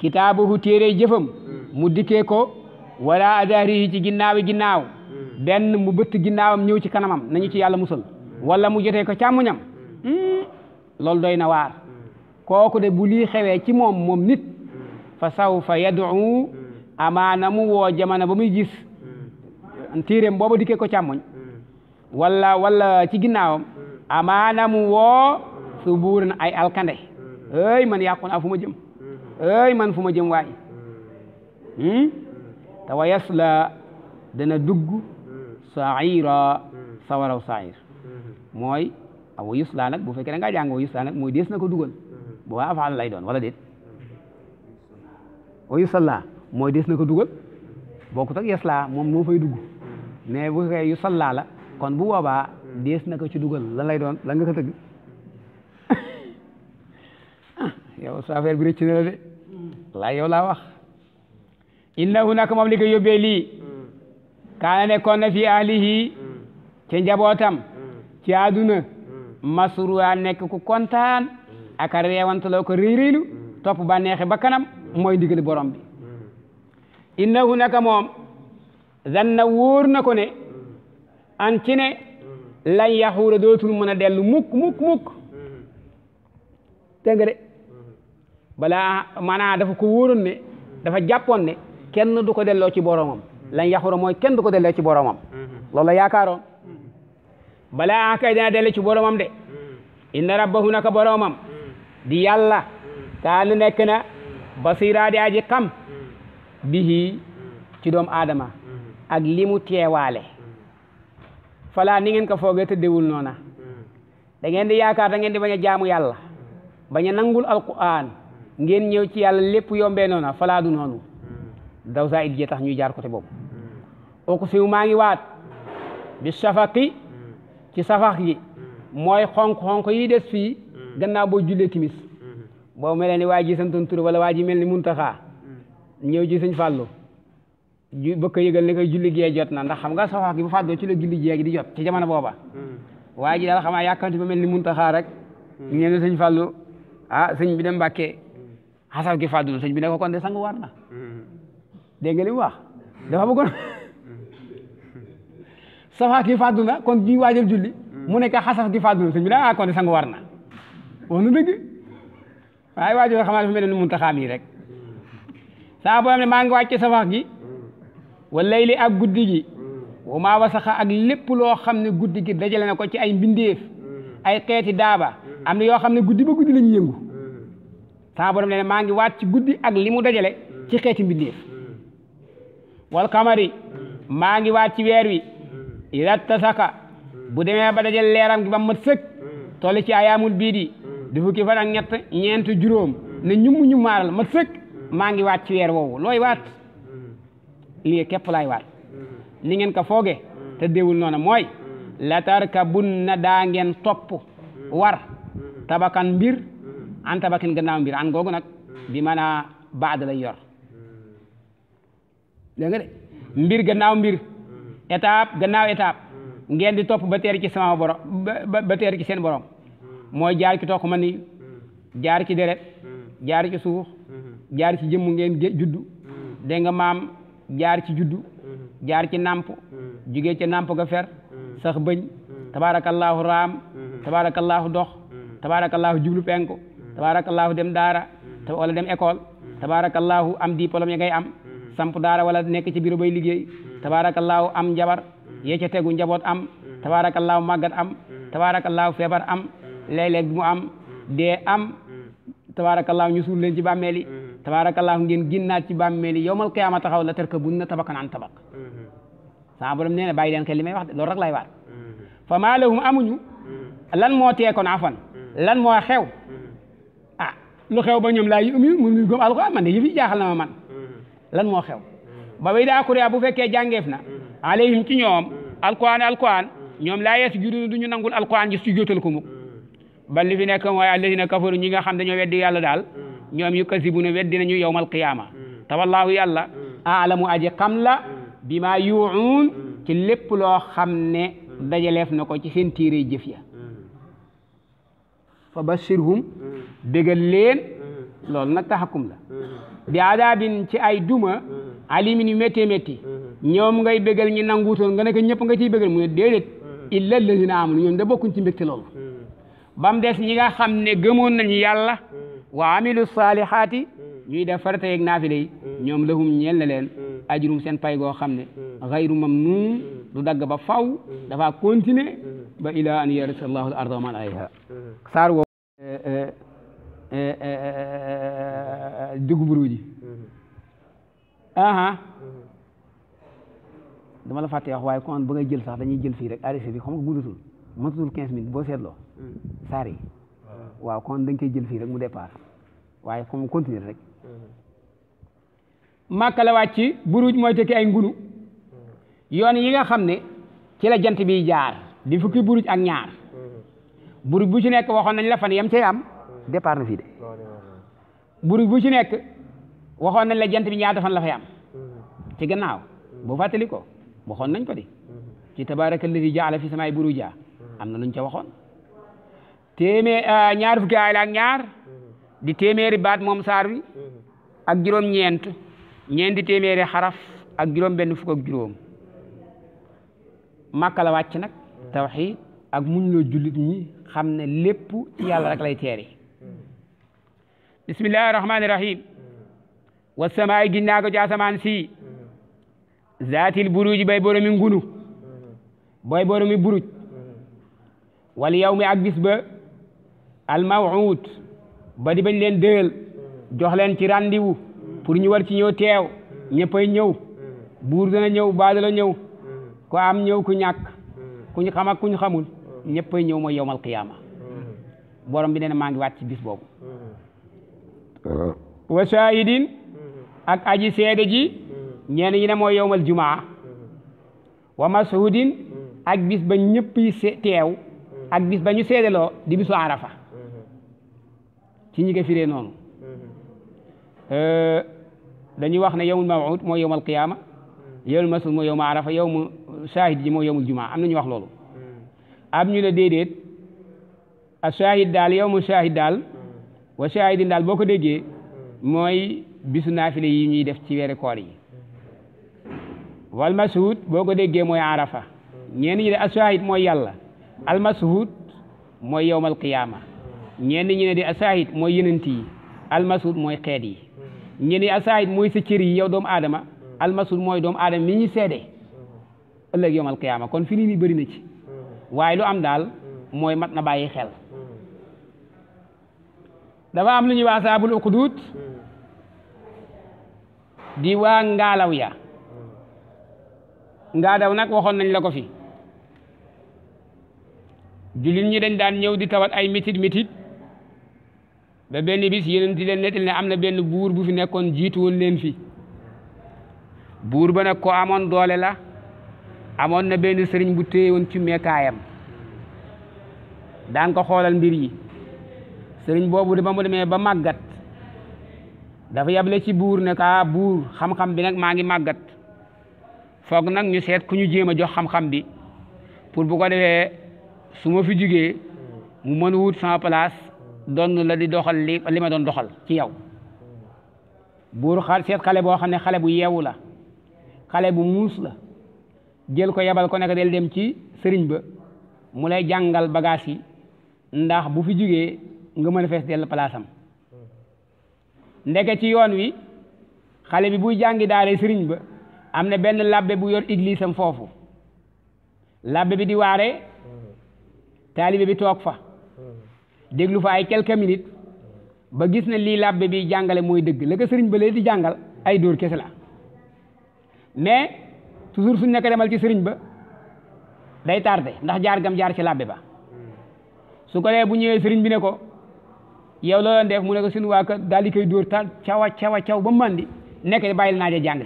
kitaabuhu téere jëfam mu dikkee ko wala adarihi ci ginnaawi ginnaaw benn mu bëtt ginnaawam ñëw ci kanamam nañu ci yàlla musal wala mu jotee ko càmmuñam hmm. loolu doy na waar kooku de bu lii xewee ci moom moom nit fa sawfa yad'u amaana mu woo jamono ba muy gis tiireem booba dikkee ko càmmoñ wala wala ci ginnaawam amaana mu woo su buuran ay alkande ey man yàqu fu ma jëm ey man fu ma jëm waay hmm? te yasla dana dugg saira sawaraw sair mooy awa yusla nag bu fekkee da ngaa jàng wa yusla mooy dees na ko dugal mm-hmm. bu waa afaal lay doon wala déet wa mm-hmm. yusalla mooy dees na ko dugal bokkut ak yasla moom moo fay dugg mm-hmm. mais bu fekkee yusalla la kon bu boobaa dees na ko ci dugal la lay doon lan nga ko tëgg yow sa affaire la de laa yow laa wax innahu nag moom li ko yóbbee lii kaana nekkoon na fi ahlihi ci njabootam ci àdduna mm. masruwa nekk ku kontaan mm. ak a reewantaloo ko réyréylu mm. topp ba neexe ba kanam mooy ndigal borom bi innahu naka moom zanna wóor na ko ne an ci ne lan yaxuura dootul mën a dellu muk muk muk dégg nga balaa manaa dafa ko wóoroon ne dafa jàppoon ne kenn du ko delloo ci boromam lan yaxuura mooy kenn du ko delloo ci boromam balaa kay dana dellu ci boromam de hmm. inna rabbahu naka boromam hmm. di yàlla kaana hmm. nekk na basira di aji xam bihi ci doomu aadama ak li mu teewaale falaa ni ngeen ko foogee te déwul noona dangeen di yaakaar da ngeen di bañ a jaamu yàlla bañ a nangul alquran ngeen ñëw ci yàlla lépp yombee noona falaa du noonu daw saa it jee tax ñuy jaar côté boobu oku siw maa ngi waat bi shafaqi ci safax yi mooy xonk xonq yi des fii mm. gannaaw boo jullee timis mm-hmm. boo mel ni waa ji santoon tur wala waa ji mel ni muntaxaa mm. ñëw ji sëñ fàllu ju bëgg yëgal ne koy julli gee jot na ndax xam nga safax gi bu fàddoo ci la julli gee di jot ci jamono booba mm. waa ji daal xamaa yàkkamti ba mel ni muntaxaa rek ñëw ne sëñ fàllu ah sëñ bi dem mbàkkee xasaf gi fàddul sëñ bi ko kon de sang war na dégg nga dafa bëggoon safaat yi fàddu na kon ñuy waajal julli mu nekk xasaf gi fàddu na sëñ bi daa ah kon de sangu war na wax na dëgg waaye waajal yoo xam ne dafa ni mun taxaam yi rek saa maa ngi wàcce safax gi wa layli ak guddi gi wa maa ak lépp loo xam ne guddi gi dajale ko ci ay mbindeef xeeti daaba am na yoo xam ne guddi ba guddi la yëngu saa ne maa ngi waat ci guddi ak li mu dajale ci xeeti mbindeef wal kamari maa ngi waat ci weer wi ida tasaka hmm. bu demee ba dajal leeram gi ba mat sëkk hmm. tolli ci ayaamul bii di hmm. di fukki fan ak ñett ñeent juróom na ñummu ñu maaral mat sëkk maa ngi waat ci weer woowu looy waat lii képp laay waat ni ngeen ko fooge te déewul noona mooy la tarkabunna daa ngeen topp war tabakan mbir an tabakin gannaaw mbir an googu nag bi maanaa baad lay yor dégg nga mbir gannaaw mbir étape gannaaw étape hmm. ngeen di topp ba teer ci sama borom ba teer ci seen borom hmm. mooy jaar ci tokk ma ni hmm. jaar ci deret jaar ci suuf jaar ci jëmm ngeen juddu dégg nga maam jaar ci juddu jaar ci nàmp jugee ci nàmp ga fer sax bëñ tabaarakallaahu raam tabaarakallaahu dox tabaarakallaahu jublu penku tabaarakallaahu dem daara wala dem école tabaarakallaahu am diplôme ya ngay am samp daara wala nekk ci bureau bay liggéey tabaarakallaahu am jabar mm. yee ca tegu njaboot am mm. tabaarakallaahu màggat am mm. tabaarakallaahu feebar am léeg mu am dee am tabaarakallaahu ñu suul leen ci bàmmeel yi tabaarakallaahu ngeen ginnaat ci bàmmeel yi yowmal qiyaama taxaw la tarka bun na tabakan an tabak mm-hmm. sama borom nee na bàyyi leen xel li may wax de loolu rek lay waar mm-hmm. fa maa lahum amuñu lan moo teekoon afan lan moo xew mm-hmm. a ah, lu xew ba ñoom la yu mu gëm yi jaaxal na ma man lan moo xew ba way daa kuréa bu fekkee jàngeef na mm-hmm. alayhim ci ñoom mm-hmm. alquran alquran mm-hmm. ñoom laa yasjuduna du ñu nangul alquran ji su jotal ko muk ba li fi nekk mooy na kafaru ñi nga xam dañoo weddi yàlla daal ñoom yu kasibuna weddi nañu yawmal qiyaama te wallaahu yàlla aalamu aji xam la bi maa yuun ci lépp loo xam ne dajaleef na ko ci seen téere jëf ya fa bashirhum dëgal leen loolu nag taxakum la bi adaabin ci ay duma alimin yu méttee métti ñoom ngay bégal ñi nanguutoon nga nekk ñëpp nga ciy bégal mu ne déedéet illa allazina amanu ñoom da bokkuñ ci mbégte loolu bam mu des ñi nga xam ne gëmoon nañu yàlla wa amilu saalihaati ñuy def farata yeeg naafile yi ñoom lahum ñeel na leen ajrum seen pay goo xam ne xayru mamnuun du dagg ba faw dafa continuer ba ila an yarisa allahu al arda man alayha saar woo eh, eh, eh, dugg aha mhm. dama la fàtte wax waaye kon ba ngay jël sax dañuy jël fii rek arrêté bi xam nga guddutul mënatul quinze minutes boo seetloo mhm. saar waaw kon dañ koy jël fii rek mu départ waaye comme continuer rek mhm. màkka la wàcc buruj mooy tekki ay ngunu yoon yi nga xam ne ci la jant bi jaar di fukki buruj ak ñaar buruj bu ci nekk waxoon nañ la fan yam cay am départ na fii de buruj bu ci nekk waxoon na la jant bi ñaata fan la fay am mm-hmm. ci gannaaw mm-hmm. boo fàttali ko waxoon nañ ko di mm-hmm. ci tabaaraka alladi jaala fi samaay buruja am na luñ ca waxoon téeméer euh, ñaar fukki aay ak ñaar di téeméeri baat moom saar wi ak juróom ñeent ñeenti téeméeri xaraf ak juróom benn fukk ak juróom màkka la wàcc nag tawxiid ak muñ loo jullit ñi xam ne lépp ci yàlla rek lay teeri bismillahi wa samaay giñ naa ko ci asamaan si zaatil buruj bay boromi ngunu bay boromi buruj walla yow mi ak bis ba al mawuud bañ leen dëël jox leen ci rendez-vous pour ñu war ci ñëw teew ñëppay ñëw buur dana ñëw baadala ñëw ku am ñëw ku ñàkk ku ñu xam ak ku ñu xamul ñëppay ñëw mooy yowmal qiyaama borom bi nee na maa ngi waat ci bis boobu wa shaahidin ak aji seede ji mm-hmm. ñenn ñi ne mooy yowmal jumaa mm-hmm. wa mashudin mm-hmm. ak bis ba ñëpp yi teew ak bis ba ñu seedeloo di bisu rafa ci ñi ko firee noonu euh, dañuy wax ne yowmul mawud mooy yowmal qiyaama yowmul masuud mooy yowmu arafa yowmu shahid ji mooy yowmul jumaa am na ñu wax loolu am ñu ne déedéet a shahid daal yowmu shahid daal wa shahidin daal boo ko déggee mooy bisu naafile yi ñuy def ci weeri koor yi wal masuhud boo ko déggee mooy arafa ñenn ñi ne asahid mooy yàlla al mooy yowmal qiyaama ñenn ñi ne di asahid mooy yenent yi al mooy xeet yi ñenn asahid mooy sa cër yi yow doomu aadama al masuhud mooy doomu aadama mi ñu seede ëllëg yowmal qiyaama kon fi nii mi bëri na ci waaye lu am daal mooy mat na bàyyi xel dafa am lu ñuy wax saabul uqudut di waa ngaalaw ya ngaadaw nag waxoon nañ la ko fi jullit ñi dañ daan ñëw di tawat ay mitit mitit ba benn bis yeneen di leen nettal ne am na benn buur bu fi nekkoon jiitu woon leen fi buur ba nag ko amoon doole la amoon na benn sëriñ bu téye woon ci meekaayam daan ko xoolal mbir yi sëriñ boobu de ba mu demee ba màggat dafa yable ci buur ne kaa ah, buur xam-xam bi nag maa ngi màggat foog nag ñu seet ku ñu jéem a jox xam-xam bi pour bu ko defee su ma fi jugee mu mën wut sama place doon la di doxal li li ma doon doxal ci yow buur xal seet xale boo xam ne xale bu yeewu la xale bu muus la jël ko yabal ko nekk del dem ci sëriñ ba mu lay jàngal bagage yi ndax bu fi jugee nga mën a fees dell place ndeke ci yoon wi xale bi buy jàngi daare sëriñ ba am na benn labbe bu yor église sam foofu labbe bi di waare taalibe bi toog fa déglu fa ay quelques minutes ba gis na lii labbe biy jàngale mooy dégg la sëriñ ba lee di jàngal ay dóor kese la mais toujours suñ nekk demal ci sëriñ ba day tardé ndax jaar gam jaar ci labbe ba su ko dee bu ñëwee sëriñ bi ne ko yow loo doon def mu ne ko suñu waa kër daal di koy dóor ta cawa cawa caw ba mandi nekk di bàyyi naa naaje jàng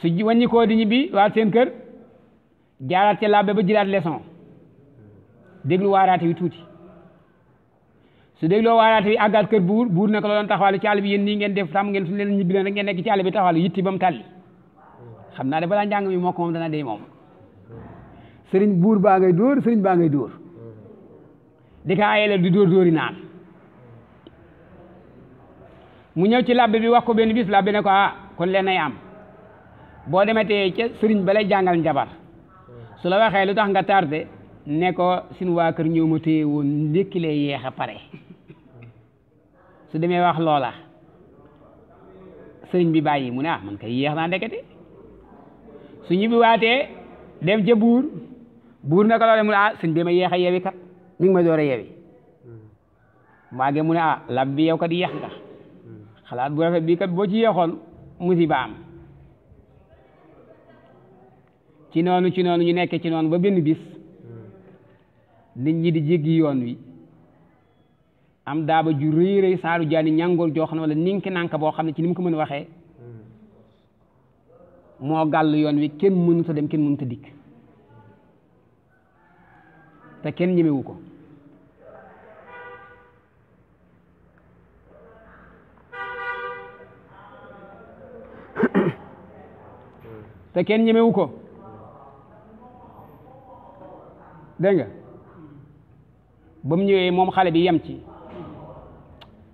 si su wàññi koo di ñibbi waa seen kër jaaraat ca làbbe ba jëlaat leçon déglu waaraate wi tuuti su dégloo waaraate wi àggaat kër buur buur na ko la doon taxawaalu ci àll bi yéen nii ngeen def tam ngeen su leen ñibbi leen ngeen nekk ci àll bi taxawaalu yitti ba mu tàlli xam naa ne balaa njàng mi moo ko moom dana dee moom sëriñ buur baa ngay dóor sëriñ baa ngay dóor di ko ayelal di dóor dóori naan mu ñëw ci labbe bi wax ko benn bis labbe ne ko ah kon leen ay am boo demetee ca sëriñ ba lay jàngal njabar su la waxee lu tax nga tardé ne ko sin waa kër ñëw ma téye woon ndékki lay a pare su demee wax loola sëriñ bi bàyyi mu ne ah man kay yeex naa ndekete su ñibbi waatee dem ca buur buur ne ko loolee mu ah sëriñ bi ma yeex a yeewi kat mi ngi may door a yeewi hmm. maage mu ne ah lab bi yow kat yeex nga hmm. xalaat bu rafet bii kat boo ci yeexoon musiba am ci noonu ci noonu ñu nekkee ci noonu ba benn bis hmm. nit ñi di jéggi yoon wi am daaba ju rëy rëy saaru jaani ñàngoor joo xam ne wala ninki nanka boo xam ne ci ni mu ko mën waxee moo gàll yoon wi kenn mënut dem kenn mënuta a dikk te kenn ñemewu ko te kenn ñemewu ko dégg nga ba mu ñëwee moom xale bi yem ci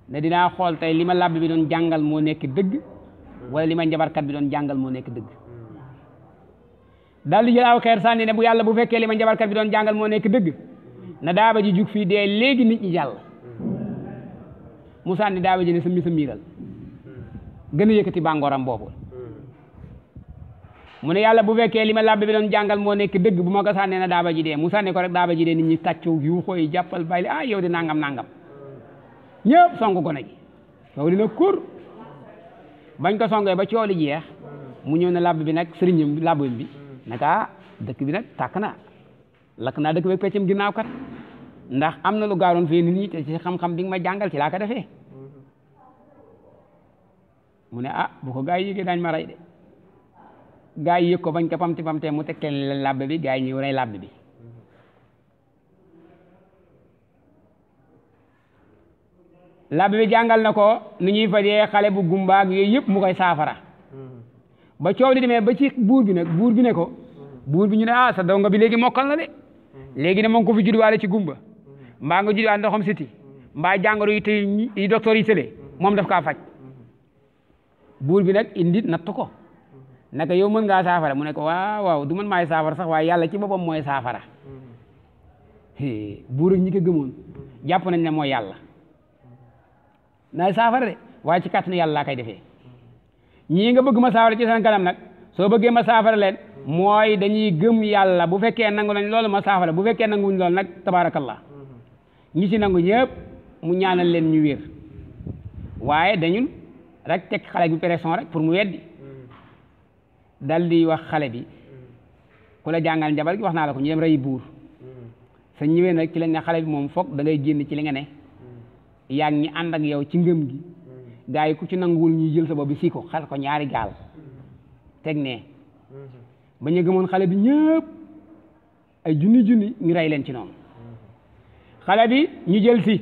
ne dinaa xool tey li ma làbb bi doon jàngal moo nekk dëgg wala li ma njabarkat bi doon jàngal moo nekk dëgg daal di jël aw xeer sànni ne bu yàlla bu fekkee li ma njabarkat bi doon jàngal moo nekk dëgg na daaba ji jug fii dee léegi nit ñi jàll mu sànni daaba ji ne sa mi gën a yëkkati bàngooram boobu mu ne yàlla bu fekkee li ma labbe bi doon jàngal moo nekk dëgg bu ma ko sànnee na daaba ji dee mu sànni ko rek daaba ji dee nit ñi tàccu yu xooy jàppal bàyyi ah yow di nangam nangam ñëpp ko gone gi yow dina kur bañ ko songee ba cooli jeex mu ñëw ne làbb bi nag sëriñam bi làbbam bi naka ah, dëkk bi nag tàkk na lakk naa dëkk bi peccam ginnaaw kat ndax am na lu gaaroon fii nit ñi te ci xam-xam ma jàngal ci laa ko defee mu ne ah bu ko gaa yi yégee ma gaa yi yëg ko bañ ko pamti pamtee mu teg leen làbb bi gaa yi ñëw rey làbb bi làbb bi jàngal na ko nu ñuy fajee xale bu gumbaag yooyu yëpp mu koy saafara ba coow di demee ba ci buur bi nag buur bi ne ko buur bi ñu ne ah sa dongo bi léegi mokkal na de léegi ne moom ko fi judduwaale ci gumba mbaa nga judduwaale ndoxam siti mbaa jàngoro yi tey yi tële moom daf kaa faj buur bi nag indi natt ko naka yow mën ngaa saafara mu ne ko waaw waaw du man maay saafara sax waaye yàlla ci boppam mooy saafara mm-hmm. buur ak ñi gëmoon jàpp nañ ne mooy yàlla naay saafara de waaye ci kàttanu yàlla laa koy defee mm-hmm. ñii nga bëgg ma saafara ci seen kanam nag soo bëggee ma saafara leen mm-hmm. mooy dañuy gëm yàlla bu fekkee nangu nañ loolu ma saafara bu fekkee nanguñ loolu nag tabaarakallah ñi ci nangu ñëpp mu ñaanal leen ñu wér waaye dañun rek teg xale bi pression rek pour mu weddi dal di wax xale bi ku la jàngal njabar gi wax naa la ko ñu dem rey buur sa ñëwee nag ci lañ ne xale bi moom foog da ngay génn ci li nga ne yaa ngi ànd ak yow ci ngëm gi gaa yi ku ci nanguwul ñuy jël sa bopp bi si ko xal ko ñaari gaal teg ne ba ñu gëmoon xale bi ñëpp ay junni junni ñu rey leen ci noonu xale bi ñu jël si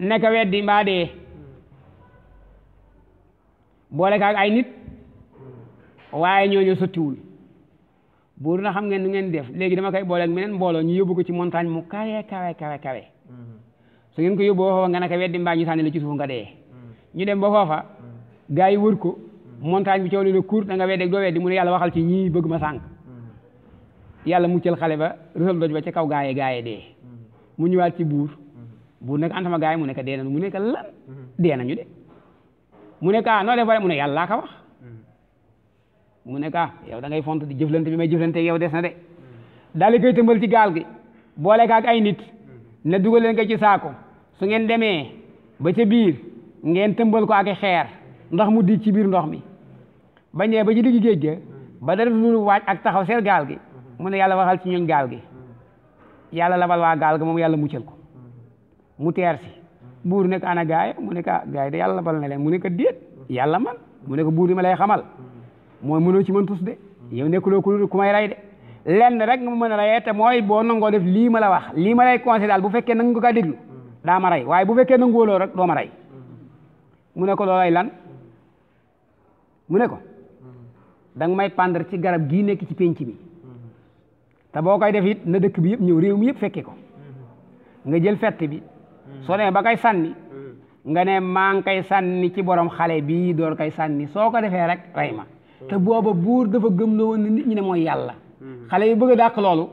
nekk weddi mbaa dee boole kaag ay nit waaye ñoo ñooñu sottiwul buur na xam ngeen nu ngeen def léegi dama koy booleeg meneen mbooloo ñu yóbbu ko ci montagne mu kawe kawe kawe kawe mm-hmm. su ngeen ko yóbbu ba foofa nga naka weddi mbaa ñu sànni la ci suuf nga dee mm-hmm. ñu dem ba foofa mm-hmm. gars yi wër ko montagne bi coow li ne kuur da nga weddeeg doo weddi mu ne yàlla waxal ci ñii bëgg ma sànq yàlla muccal xale ba rësal doj ba ca kaw gaaye gaaye dee mu ñëwaat ci buur buur nag antama gars yi mu nekk dee nañu mu nekk lan dee nañu de mu nekk ah, mu ne yàlla laa ko wax mu ne ka ah, yow da ngay font di jëflante bi may jëflante yow des na de daal di koy tëmbal ci gaal gi boole ka ak ay nit ne dugal leen ko ci saako su ngeen demee ba ca biir ngeen tëmbal ko ak xeer ndox mu di ci biir ndox mi bañ ñëwee ba ci digg géej ga ba dara lu waaj ak taxaw seet gaal gi mu ne yàlla waxal ci ñooñ gaal gi yàlla labal waa gaal gi moom yàlla muccal ko mu teer si buur ne ko ana gaay mu ne ko ah, gaay de yàlla labal na leen mu ne ko yàlla man mu ne buur di ma lay xamal mooy mënoo ci mën tus de yow nekkuloo ku ku may rey de lenn rek nga mën a reyee te mooy boo nangoo def lii ma la wax lii ma lay conseillé daal bu fekkee nangu ko kaa déglu daa ma rey waaye bu fekkee nangu wóoloo rek doo ma rey mu ne ko loolay lan mu ne ko da may pendre ci garab gii nekk ci pénc mi te boo koy def it na dëkk bi yëpp ñëw réew mi yëpp fekkee ko nga jël fett bi soo demee ba kay sànni nga ne maa ngi koy sànni ci borom xale bii door koy sànni soo ko defee rek rey ma te booba buur dafa gëm loo woon ne nit ñi ne mooy yàlla xale yi bëgg dàq loolu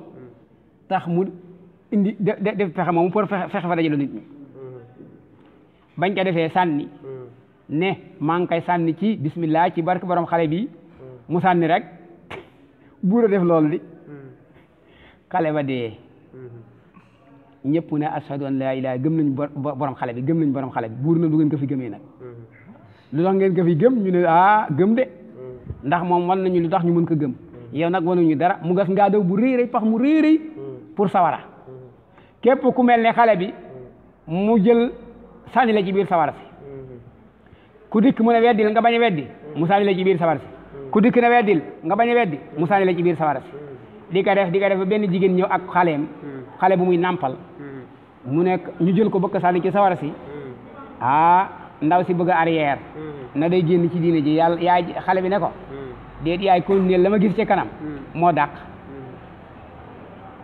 tax mu indi def fexe moomu pour fexe fa dajale nit ñi bañ ca defee sànni ne maa ngi koy sànni ci bismillah ci barke borom xale bi mu sànni rek buur a def loolu di xale ba dee ñëpp na ashadu an laa ilaaha gëm nañ borom xale bi gëm nañ borom xale bi buur na lu ngeen ko fi gëmee nag lu tax ngeen ko fi gëm ñu ne ah gëm de ndax moom wan nañu lu tax ñu mën ko gëm yow nag wanuñu dara mu gas ngaa daw bu rëy rëy pax mu rëy pour sawara képp ku mel ni xale bi mu jël sànni la ci biir sawara si ku dikk na ne weddil nga bañ a weddi mu sànni la ci biir sawara si ku dikk ne weddil nga bañ a weddi mu sànni la ci biir sawara si di ko def di ka def benn jigéen ñëw ak xaleem xale bu muy nàmpal mu nekk ñu jël ko bëgg sànni ci sawara si ah ndaw si bëgg a hmm. na day génn ci diine ji yàlla yaay xale bi ne ko hmm. déet yaay continuer la lama gis ci kanam hmm. moo dàq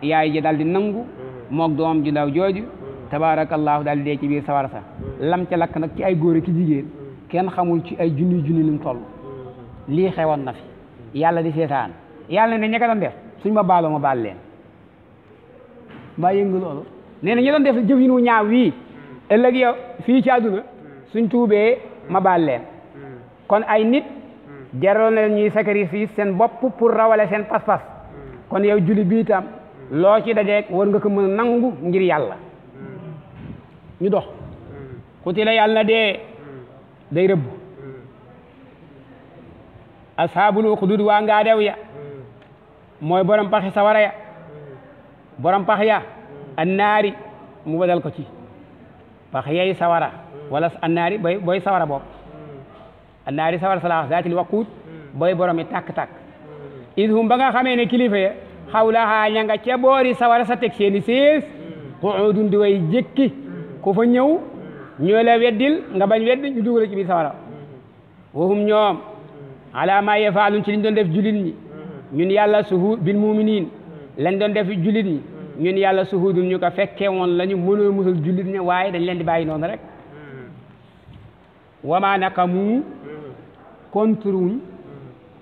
yaay ji daal di nangu moog doom ju ndaw jooju tabaarakallaahu daal di dee ci biir sawar sa lam ca lakk nag ci ay góor ki jigéen kenn xamul ci ay junni junni nu mu lii xewoon na fi yàlla di seetaan yàlla ne ña ko doon def suñ ma baaloo ma baal leen mbaa yëngu loolu nee na ñu doon def jëf ñaaw wii ëllëg yow fii ci àdduna suñ tuubee ma baal leen kon ay nit jaroon na ñuy sacrifice seen bopp pour rawale seen pas-pas kon yow julli bi itam loo ci dajeek war nga ko mën a nangu ngir yàlla ñu dox xutila yàlla na dee day rëbb ashaabul uxdud waa ngaa dew ya mooy borom paxi sawara ya borom pax ya annaari mu badal ko ci pax yay sawara wala annaari booy booy sawara bopp hmm. annaari sawara salaax zaatil waquut hmm. booy boromi tàkk-tàkk hmm. ishum ba nga xamee ne kilifa ya xawlahaa ña nga ca sawara sa teg seeni sées qu'uudun di way jékki ku fa ñëw ñoo la weddil nga bañ wedd ñu dugal sawara wahum ñoom ala maa yafaalun ci liñ doon def julit ñi ñun yàlla suhuud bil muminin lañ doon def julit ñi ñun yàlla suhuudun ñu ko fekke woon la ñu mënoo musal jullit ñi waaye dañ leen di bàyyi noonu rek wama naqamu kontruñ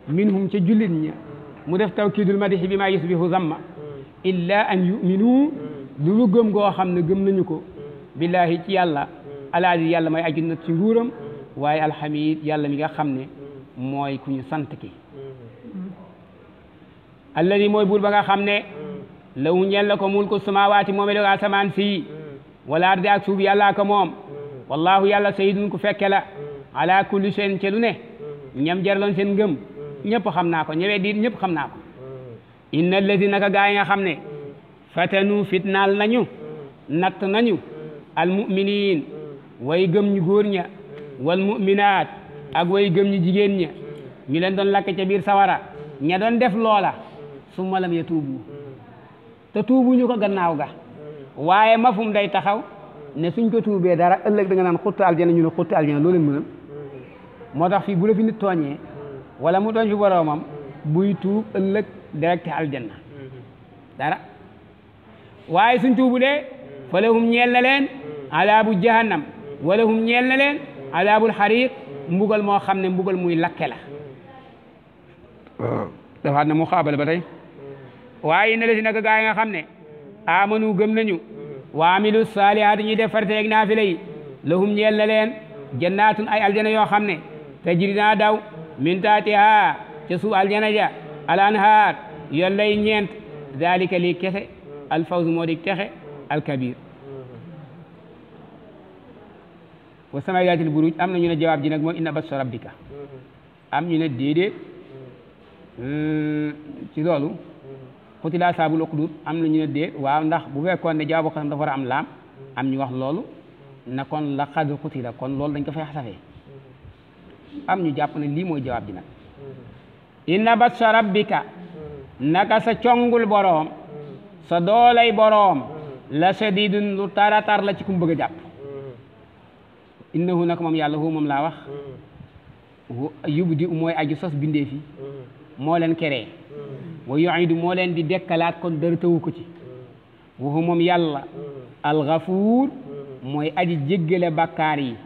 minhum ca jullit ña mu def tawkiidul madixi bi maa yusbihu zamma illa an yuminu lu lu gëm goo xam ne gëm nañu ko billaahi ci yàlla alaazi yàlla may aju nat ci nguuram waaye alxamid yàlla mi nga xam ne mooy ku ñu sant ki alladi mooy buur ba nga xam ne lawu ñeel la ko mulku samaawaati moome doog asamaan si wala ardi ak suuf yàllaa moom wallahu yàlla sayidun ku fekke la mm. ala kulli shay'in ci ne mm. ñam jaraloon seen ngëm mm. ñëpp xam naa ko ñëwee diit ñëpp xam naa ko inna allazi naka gaa yi nga xam ne fatanu fitnaal nañu natt nañu almuminin way gëm ñu góor ña wal muminaat ak way gëm ñu jigéen ña ñu leen doon lakk ca biir sawara ña doon def loola summa lam ya tuubu te tuubu ñu ko gannaaw ga waaye mafum day taxaw ne suñ ko tuubee dara ëllëg da nga naan xutta aljana ñu ne xutta aljana loo leen mënal mm. moo tax fi bu la fi nit tooñee mm. wala mu tooñ fi boroomam mm. buy tuub ëllëg direct aljanna mm-hmm. dara waaye suñ tuubu dee fa lahum ñeel na leen alaabu jahannam wala hum ñeel na leen alaabul xariq mbugal moo xam ne mbugal muy lakke la ah. dafaat na mu xaabal ba tey waaye na la si naka gaa yi nga xam ne amanu gëm wa amilu saalihaati ñuy def farata yeeg naafila yi lahum ñeel na leen ay aljana yoo xam ne tajri naa daw min taatiha ca suuf aljana ja al anhaar yollay ñeent dalika lii kese al fawz moo di texe al kabir wa buruj am na ñu ne jawaab ji nag inna bas rabbika am ñu ne déedéet hmm, ci loolu xutilaa saabul uqdud am na ñu ne déet waaw ndax bu fekkoon ne jawaabu xasam dafa war a am laam am ñu wax loolu na kon la xad xutila kon loolu dañ ko fay xasafee am ñu jàpp ne lii mooy jawaab bi nag inna batsa rabbika naka sa congul boroom sa doolay boroom la sadidun lu taratar la ci kum bëgg a jàpp innahu nag moom yàlla hu moom laa wax yubdi mooy aju sos bindee moo leen keree wa yuidu moo leen di dekkalaat kon dara ko ci mm. waxu moom yàlla mm. alxafuur mm. mooy aji jéggale bàkkaar yi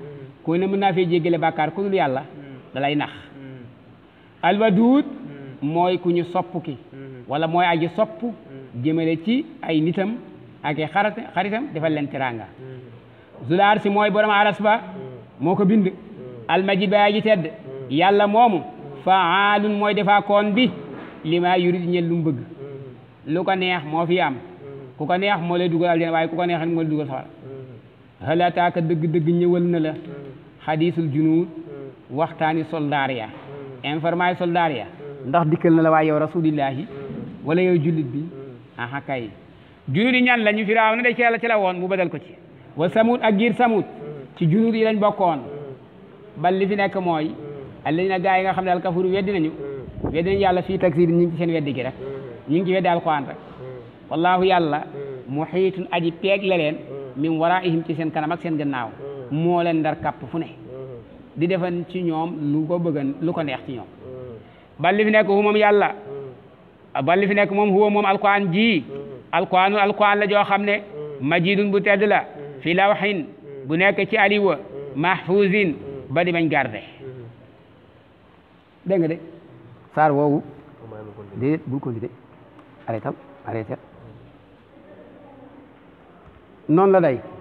ku ne mën naa fee jéggale bàkkaar ku dul yàlla dalay nax alwaduud mooy ku ñu sopp ki wala mooy aji sopp jëmale ci ay nitam ak i xarat xaritam defal leen teraanga zulaar mooy borom aras ba moo ko bind almajid tedd yàlla moomu faalun mooy defaa koon bi li maa yurit ñel lu mu bëgg mm-hmm. lu ko neex moo fi am mm-hmm. ku ko neex moo lay dugal aljana waaye ku ko neex moo lay dugal sawar xalaataaka mm-hmm. dëgg-dëgg ñëwal na la xadiisul junuud waxtaani soldaar ya informaay soldaar ya ndax dikkal na la waaye yow rasulillahi wala yow jullit bi a kay junuud yi ñan la ñu firaaw na de ci yàlla ci la woon mu badal ko ci wa samut ak samut ci junuud yi lañ bokkoon bal fi nekk mooy alli na gaa nga xam ne alkafuru weddi nañu weddi nañu yàlla fii taksiir ñu ci seen weddi gi rek ci mm-hmm. weddi alquran rek mm-hmm. wallaahu yàlla mm-hmm. muhiitun aji peeg la leen min waraihim ci seen kanam ak seen gannaaw moo leen ndar kàpp fu di defan ci ñoom lu ko bëggan lu ko neex ci ñoom balli fi nekk hu moom balli fi nekk moom huwa moom alquran joo xam ne majidun bu tedd la fi lawhin bu nekk ci aliwa mahfuzin ba di bañ garde saar woowu déedéet bul continuer arrêtal arrêté noonu la day